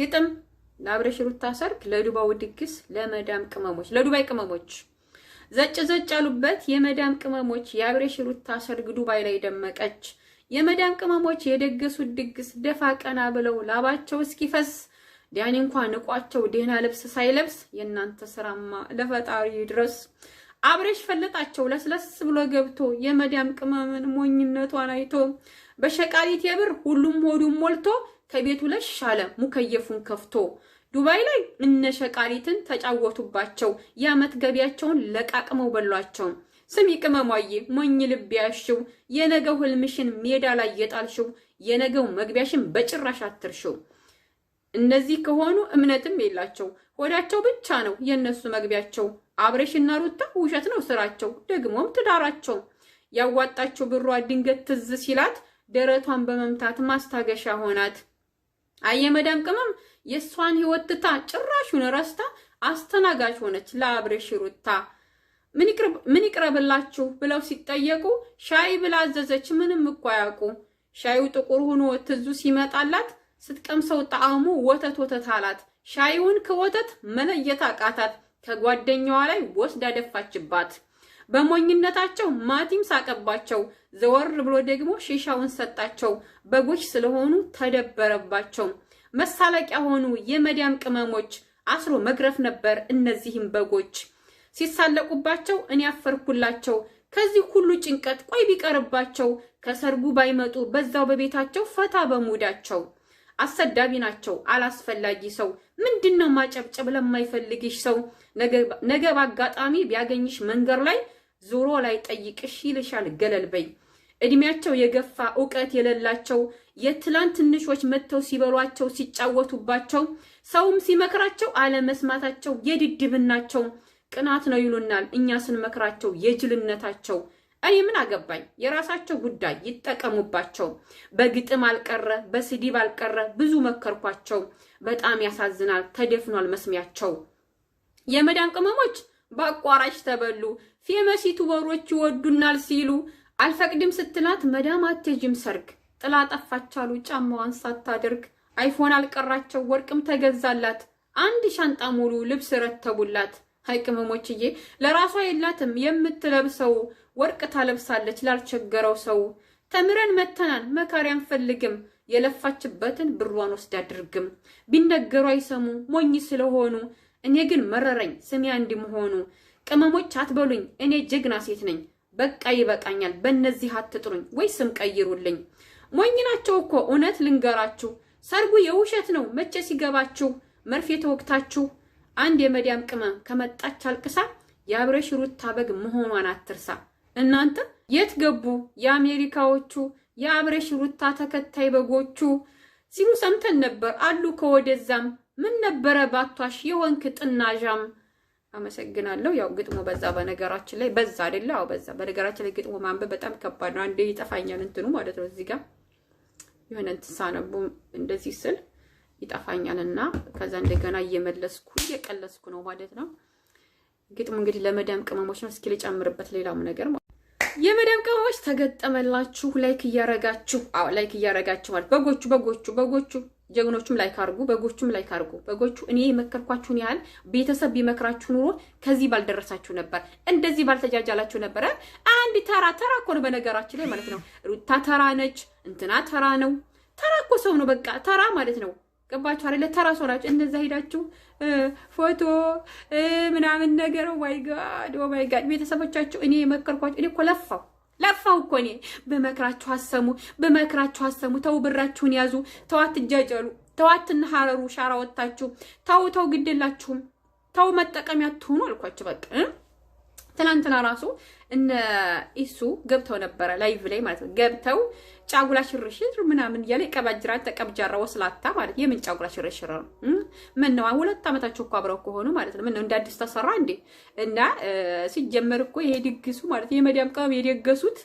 ግጥም ለአብረሽ ሩታ ሰርግ፣ ለዱባው ድግስ፣ ለመዳም ቅመሞች፣ ለዱባይ ቅመሞች ዘጭ ዘጭ ያሉበት የመዳም ቅመሞች የአብረሽ ሩታ ሰርግ ዱባይ ላይ ደመቀች። የመዳም ቅመሞች የደገሱት ድግስ ደፋ ቀና ብለው ላባቸው እስኪፈስ ዲያኒ እንኳን ንቋቸው ደህና ልብስ ሳይለብስ የእናንተ ስራማ ለፈጣሪ ድረስ። አብረሽ ፈለጣቸው ለስለስ ብሎ ገብቶ የመዳም ቅመምን ሞኝነቷን አይቶ በሸቃሊት የብር ሁሉም ሆዱም ሞልቶ ከቤቱ ለሽ ሻለ ሙከየፉን ከፍቶ ዱባይ ላይ እነሸቃሪትን ተጫወቱባቸው። የአመት ገቢያቸውን ለቃቅመው በሏቸው። ስሚ ቅመሟዬ ሞኝ ልብ ያሽው የነገው ህልምሽን ሜዳ ላይ የጣልሽው የነገው መግቢያሽን በጭራሽ አትርሽው። እነዚህ ከሆኑ እምነትም የላቸው ሆዳቸው ብቻ ነው የእነሱ መግቢያቸው። አብሬሽና ሩታ ውሸት ነው ስራቸው ደግሞም ትዳራቸው። ያዋጣቸው ብሯ ድንገት ትዝ ሲላት ደረቷን በመምታት ማስታገሻ ሆናት። አየመዳም ቅመም የእሷን ህይወት ትታ ጭራሹን ረስታ አስተናጋጅ ሆነች ለአብሬሽ ሩታ። ምን ይቅረብላችሁ ብለው ሲጠየቁ ሻይ ብላ አዘዘች። ምንም እኮ አያውቁ። ሻዩ ጥቁር ሆኖ ትዙ ሲመጣላት ስትቀምሰው ጣዕሙ ወተት ወተት አላት። ሻዩን ከወተት መለየት አቃታት። ከጓደኛዋ ላይ ወስዳ ደፋችባት። በሞኝነታቸው ማቲም ሳቀባቸው፣ ዘወር ብሎ ደግሞ ሺሻውን ሰጣቸው። በጎች ስለሆኑ ተደበረባቸው። መሳለቂያ ሆኑ የመዲያም ቅመሞች። አስሮ መግረፍ ነበር እነዚህም በጎች። ሲሳለቁባቸው እኔ አፈርኩላቸው። ከዚህ ሁሉ ጭንቀት ቆይ ቢቀርባቸው፣ ከሰርጉ ባይመጡ በዛው በቤታቸው ፈታ በሙዳቸው። አሰዳቢ ናቸው አላስፈላጊ ሰው። ምንድነው ማጨብጨብ ለማይፈልግሽ ሰው? ነገ ባጋጣሚ ቢያገኝሽ መንገድ ላይ ዞሮ ላይ ጠይቅሽ ይልሻል ገለል በይ። እድሜያቸው የገፋ እውቀት የሌላቸው የትላንት ትንሾች መጥተው ሲበሏቸው ሲጫወቱባቸው ሰውም ሲመክራቸው አለመስማታቸው የድድብናቸው ቅናት ነው ይሉናል። እኛ ስንመክራቸው የጅልነታቸው እኔ ምን አገባኝ፣ የራሳቸው ጉዳይ ይጠቀሙባቸው። በግጥም አልቀረ በስዲብ አልቀረ ብዙ መከርኳቸው። በጣም ያሳዝናል፣ ተደፍኗል መስሚያቸው። የመዳን ቅመሞች በአቋራጭ ተበሉ። ፌመስ ዩቱበሮች ይወዱናል ሲሉ አልፈቅድም ስትላት መዳም አትሄጂም ሰርግ ጥላ ጠፋች አሉ። ጫማዋን ሳታደርግ አይፎን አልቀራቸው ወርቅም ተገዛላት። አንድ ሻንጣ ሙሉ ልብስ ረተቡላት። ሀይ ቅመሞችዬ ለራሷ የላትም የምትለብሰው ወርቅ ታለብሳለች ላልቸገረው ሰው። ተምረን መተናን መካሪ አንፈልግም። የለፋችበትን ብሯን ወስድ አድርግም ቢነገሩ አይሰሙ ሞኝ ስለሆኑ እኔ ግን መረረኝ ስሜ አንድ መሆኑ ቅመሞች አትበሉኝ፣ እኔ ጀግና ሴት ነኝ። በቃ ይበቃኛል። በእነዚህ አትጥሩኝ፣ ወይ ስም ቀይሩልኝ። ሞኝ ናቸው እኮ እውነት ልንገራችሁ፣ ሰርጉ የውሸት ነው። መቼ ሲገባችሁ መርፌ ተወግታችሁ። አንድ የመዲያም ቅመም ከመጣች አልቅሳ የአብረሽ ሩታ በግ መሆኗን አትርሳ። እናንተ የት ገቡ የአሜሪካዎቹ የአብረሽ ሩታ ተከታይ በጎቹ ሲሉ ሰምተን ነበር አሉ። ከወደዛም ምን ነበረ ባቷሽ የወንክ ጥናዣም አመሰግናለሁ። ያው ግጥሙ በዛ በነገራችን ላይ በዛ አይደለ? አዎ በዛ። በነገራችን ላይ ግጥሙ ማንበብ በጣም ከባድ ነው። አንዴ ይጠፋኛል እንትኑ ማለት ነው። እዚህ ጋር የሆነ እንትን ሳነቡ እንደዚህ ስል ይጠፋኛል እና ከዛ እንደገና እየመለስኩ እየቀለስኩ ነው ማለት ነው። ግጥሙ እንግዲህ ለመዳም ቅመሞች ነው። እስኪ ልጨምርበት ሌላም ነገር የመዳም ቅመሞች ተገጠመላችሁ። ላይክ እያረጋችሁ፣ አዎ ላይክ እያረጋችሁ ማለት በጎቹ በጎቹ በጎቹ ጀግኖቹም ላይክ አድርጉ፣ በጎቹም ላይክ አድርጉ። በጎቹ እኔ የመከርኳችሁን ያህል ቤተሰብ ቢመክራችሁ ኑሮ ከዚህ ባልደረሳችሁ ነበር፣ እንደዚህ ባልተጃጃላችሁ ነበረ። አንድ ተራ ተራ እኮ ነው በነገራችን ላይ ማለት ነው። ሩታ ተራ ነች፣ እንትና ተራ ነው። ተራ እኮ ሰው ነው፣ በቃ ተራ ማለት ነው። ገባችሁ አይደለ? ለተራ ሰው ናችሁ። እንደዛ ሄዳችሁ ፎቶ ምናምን ነገር ኦማይጋድ ኦማይጋድ ቤተሰቦቻችሁ እኔ የመከርኳችሁ እኔ እኮ ለፋው ለፋው እኮ እኔ በመክራችሁ አሰሙ በመክራችሁ አሰሙ። ተው ብራችሁን ያዙ። ተው አትጃጀሉ፣ ተው አትንሐረሩ። ሻራ ወጣችሁ ተው ተው ግድላችሁም ተው መጠቀሚያ ትሆኑ አልኳችሁ በቃ ትላንትና ራሱ እነ ኢሱ ገብተው ነበረ ላይቭ ላይ ማለት ነው። ገብተው ጫጉላ ሽርሽር ምናምን እያለ ቀባጅራ ተቀብጃራ ወስላታ ማለት የምን ጫጉላ ሽርሽር ነው? ምን ነው ሁለት ዓመታቸው እኮ አብረው ከሆኑ ማለት ነው። ምን ነው እንደ አዲስ ተሰራ እንዴ? እና ሲጀመር እኮ ይሄ ድግሱ ማለት የመዲያም ቀበብ የደገሱት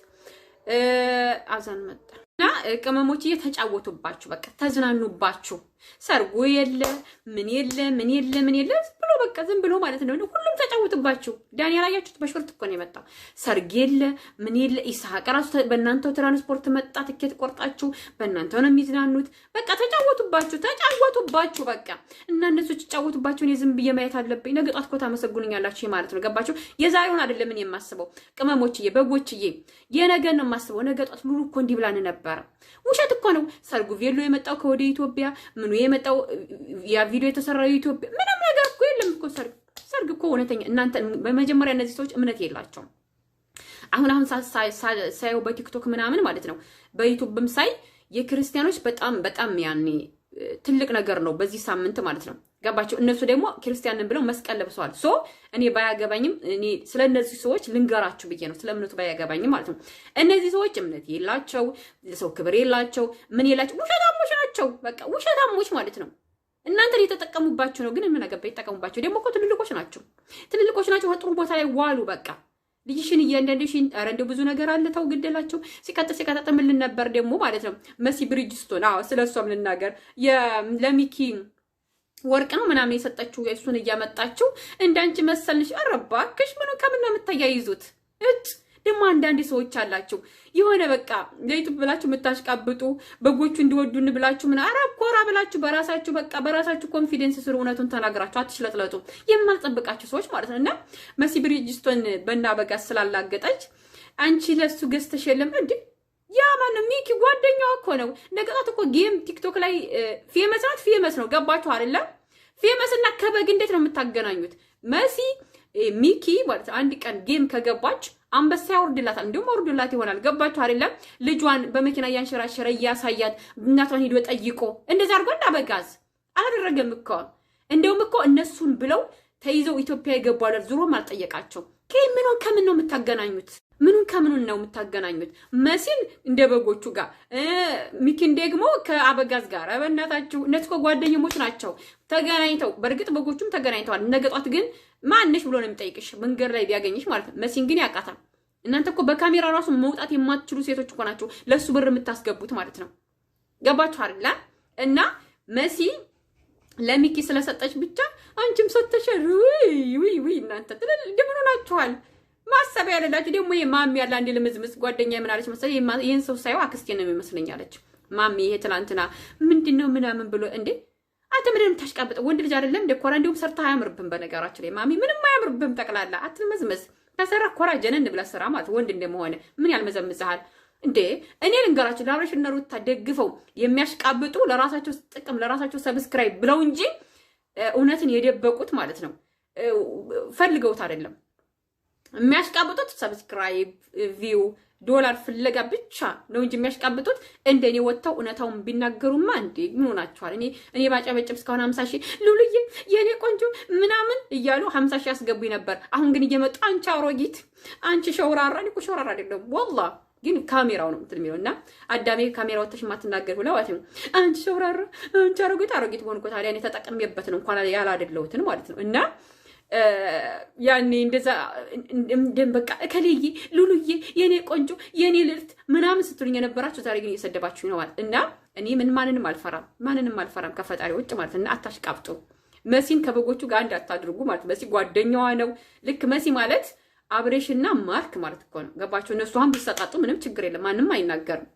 አዛን መጣ እና ቅመሞች እየተጫወቱባችሁ በቃ ተዝናኑባችሁ። ሰርጉ የለ ምን የለ ምን የለ ምን የለ ብሎ በቃ ዝም ብሎ ማለት ነው። ሁሉም ተጫወቱባችሁ። ዳንኤል ያላያችሁት በሽርት እኮ ነው የመጣው። ሰርግ የለ ምን የለ ይስሐቅ ራሱ በእናንተው ትራንስፖርት መጣ። ትኬት ቆርጣችሁ በእናንተው ነው የሚዝናኑት። በቃ ተጫወቱባችሁ፣ ተጫወቱባችሁ። በቃ እና እነሱ ሲጫወቱባችሁ እኔ ዝም ብዬ ማየት አለብኝ። ነገ ጧት እኮ ታመሰግኑኛላችሁ ማለት ነው። ገባችሁ? የዛሬውን አይደለም እኔ የማስበው ቅመሞችዬ፣ በጎችዬ፣ የነገን ነው የማስበው። ነገ ጧት ሉሉ እኮ እንዲህ ብላን ነበረ ውሸት እኮ ነው። ሰርጉ ቬሎ የመጣው ከወደ ኢትዮጵያ፣ ምኑ የመጣው ያ ቪዲዮ የተሰራው ኢትዮጵያ፣ ምንም ነገር እኮ የለም እኮ ሰርግ። ሰርግ እኮ እውነተኛ እናንተ በመጀመሪያ እነዚህ ሰዎች እምነት የላቸውም። አሁን አሁን ሳየው በቲክቶክ ምናምን ማለት ነው በዩቱብም ሳይ የክርስቲያኖች በጣም በጣም ያኔ ትልቅ ነገር ነው በዚህ ሳምንት ማለት ነው። ገባቸው። እነሱ ደግሞ ክርስቲያንን ብለው መስቀል ለብሰዋል። ሶ እኔ ባያገባኝም እኔ ስለ እነዚህ ሰዎች ልንገራችሁ ብዬ ነው፣ ስለ እምነቱ ባያገባኝም ማለት ነው። እነዚህ ሰዎች እምነት የላቸው፣ ሰው ክብር የላቸው፣ ምን የላቸው፣ ውሸታሞች ናቸው። በቃ ውሸታሞች ማለት ነው። እናንተ የተጠቀሙባቸው ነው። ግን ምን አገባ፣ ይጠቀሙባቸው። ደግሞ እኮ ትልልቆች ናቸው፣ ትልልቆች ናቸው። ከጥሩ ቦታ ላይ ዋሉ በቃ ልጅሽን እያንዳንድሽን ኧረ እንደው ብዙ ነገር አለ። ተው ግደላቸው። ሲቀጥል ሲቀጥል ምን ነበር ደግሞ ማለት ነው መሲ ብሪጅስቶን። አዎ ስለ እሷም ልናገር ለሚኪ ወርቅ ነው ምናምን የሰጠችው እሱን እያመጣችው እንዳንቺ መሰልንሽ። ኧረ እባክሽ ምን ከምን ነው የምታያይዙት እጭ ደግሞ አንዳንድ ሰዎች አላችሁ የሆነ በቃ ለዩቱብ ብላችሁ የምታሽቃብጡ በጎቹ እንዲወዱን ብላችሁ ምን አረ ኮራ ብላችሁ በራሳችሁ በቃ በራሳችሁ ኮንፊደንስ ስሩ። እውነቱን ተናግራችሁ አትሽለጥለጡ። የማጠብቃችሁ ሰዎች ማለት ነው። እና መሲ ብሪጅስቶን በናበጋዝ ስላላገጠች አንቺ ለሱ ገዝተሽ የለም እንዴ? ያ ማነው ሚኪ ጓደኛዋ እኮ ነው። ነገ እኮ ጌም ቲክቶክ ላይ ፌመስ ናት። ፌመስ ነው። ገባችሁ አይደለም? ፌመስ እና ከበግ እንዴት ነው የምታገናኙት? መሲ ሚኪ ማለት አንድ ቀን ጌም ከገባች አንበሳ ያወርድላታል፣ እንዲሁም አውርዶላት ይሆናል። ገባችሁ አይደለም? ልጇን በመኪና እያንሸራሸረ እያሳያት እናቷን ሂዶ ጠይቆ እንደዛ አድርጎ እንዳበጋዝ አላደረገም እኮ። እንደውም እኮ እነሱን ብለው ተይዘው ኢትዮጵያ ይገባሉ፣ ዙሮም አልጠየቃቸው ምኑን ከምን ነው የምታገናኙት? ምኑን ከምኑን ነው የምታገናኙት? መሲን እንደ በጎቹ ጋር ሚኪን ደግሞ ከአበጋዝ ጋር በእናታችሁ እነሱ ጓደኛሞች ናቸው ተገናኝተው። በእርግጥ በጎቹም ተገናኝተዋል። ነገጧት ግን ማንሽ ብሎ ነው የሚጠይቅሽ መንገድ ላይ ቢያገኝሽ ማለት ነው። መሲን ግን ያውቃታል። እናንተ እኮ በካሜራ ራሱ መውጣት የማትችሉ ሴቶች እኮ ናቸው ለእሱ ብር የምታስገቡት ማለት ነው። ገባችሁ አይደል? እና መሲ ለሚኪ ስለሰጠች ብቻ አንቺም ሰተሸር ውይ ውይ ውይ እናንተ ድምኑ ናችኋል። ማሰቢያ ያለላችሁ ደግሞ ይሄ ማሚ ያለ አንድ ልምዝምዝ ጓደኛ አለች መሰለኝ ይህን ሰው ሳይው አክስቴ ነው የሚመስለኝ አለች። ማሚ ይሄ ትላንትና ምንድን ነው ምናምን ብሎ እንዴ አንተ ምንድን ነው ወንድ ልጅ አይደለም እንደ ኮራ እንዲሁም ሰርታ አያምርብም። በነገራችን ላይ ማሚ ምንም አያምርብም። ጠቅላላ አትልምዝምዝ። ከሰራ ኮራ ጀነን ብላ ስራ ማለት ወንድ እንደመሆነ ምን ያልመዘምዝሃል እንዴ እኔ ልንገራችሁ ለአብረሽ እነ ሩታ ደግፈው የሚያሽቃብጡ ለራሳቸው ጥቅም ለራሳቸው ሰብስክራይብ ብለው እንጂ እውነትን የደበቁት ማለት ነው። ፈልገውት አይደለም የሚያሽቃብጡት። ሰብስክራይብ፣ ቪው፣ ዶላር ፍለጋ ብቻ ነው እንጂ የሚያሽቃብጡት። እንደ እኔ ወጥተው እውነታውን ቢናገሩማ እንዴ ምን ሆናችኋል? እኔ እኔ ባጨበጭብ እስካሁን ሀምሳ ሺህ ሉሉዬ የእኔ ቆንጆ ምናምን እያሉ ሀምሳ ሺህ ያስገቡኝ ነበር። አሁን ግን እየመጡ አንቺ አሮጊት፣ አንቺ ሸውራራ። እኔ እኮ ሸውራራ አይደለም ወላ ግን ካሜራው ነው ምትል የሚለው እና አዳሜ ካሜራ ወተሽ የማትናገር ብለው ማለት ነው። አንቺ ሸውራራ፣ አንቺ አሮጌት አሮጌት በሆን ታዲያ እኔ ተጠቅሜበት ነው እንኳን ያላደለሁትን ማለት ነው እና ያኔ እንደዛ እንደም በቃ እከሌዬ ሉሉዬ የኔ ቆንጆ የኔ ልዕልት ምናምን ስትሉኝ የነበራችሁ ዛሬ ግን እየሰደባችሁ ነው ማለት እና እኔ ምን ማንንም አልፈራም፣ ማንንም አልፈራም ከፈጣሪ ውጭ ማለት እና አታሽቃብጡ። መሲን ከበጎቹ ጋር አንድ አታድርጉ ማለት መሲ ጓደኛዋ ነው። ልክ መሲ ማለት አብሬሽና ማርክ ማለት እኮ ነው። ገባቸው። እነሱ አሁን ቢሰጣጡ ምንም ችግር የለም፣ ማንም አይናገርም።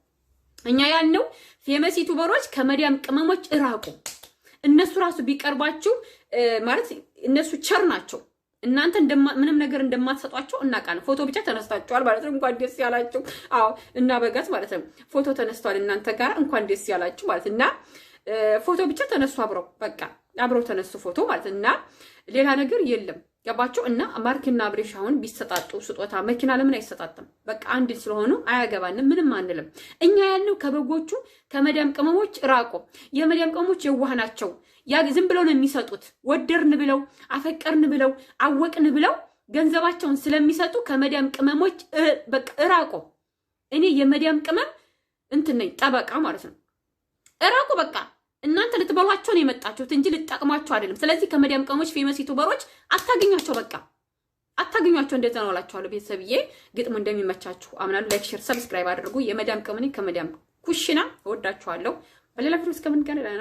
እኛ ያልነው ፌመስ ዩቱበሮች ከመዲያም ቅመሞች እራቁ። እነሱ ራሱ ቢቀርባችሁ ማለት እነሱ ቸር ናቸው። እናንተ ምንም ነገር እንደማትሰጧቸው እናውቃለን። ፎቶ ብቻ ተነስታችኋል ማለት ነው። እንኳን ደስ ያላችሁ። አዎ እና በጋት ማለት ነው። ፎቶ ተነስቷል እናንተ ጋር እንኳን ደስ ያላችሁ ማለት እና ፎቶ ብቻ ተነሱ። አብረው በቃ አብረው ተነሱ ፎቶ ማለት እና ሌላ ነገር የለም። ገባችሁ? እና ማርክና አብሬሽ አሁን ቢሰጣጡ ስጦታ መኪና ለምን አይሰጣጥም? በቃ አንድ ስለሆኑ አያገባንም፣ ምንም አንልም። እኛ ያለው ከበጎቹ ከመዳም ቅመሞች ራቁ። የመዳም ቅመሞች የዋህ ናቸው። ያ ዝም ብለው ነው የሚሰጡት። ወደርን ብለው አፈቀርን ብለው አወቅን ብለው ገንዘባቸውን ስለሚሰጡ ከመዳም ቅመሞች በቃ ራቁ። እኔ የመዳም ቅመም እንትን ነኝ፣ ጠበቃ ማለት ነው። ራቁ በቃ ልትበሏቸው ነው የመጣችሁት እንጂ ልጠቅማችሁ አይደለም። ስለዚህ ከመዲያም ቀሞች ፌመስ ዩቱበሮች አታገኟቸው፣ በቃ አታገኟቸው። እንደዛ ነው እላችኋለሁ። ቤተሰብዬ ግጥሙ እንደሚመቻችሁ አምናለሁ። ላይክ፣ ሼር፣ ሰብስክራይብ አድርጉ። የመዲያም ቀሙኒ ከመዲያም ኩሽና እወዳችኋለሁ። በሌላ ቪዲዮ እስከምንገናኝ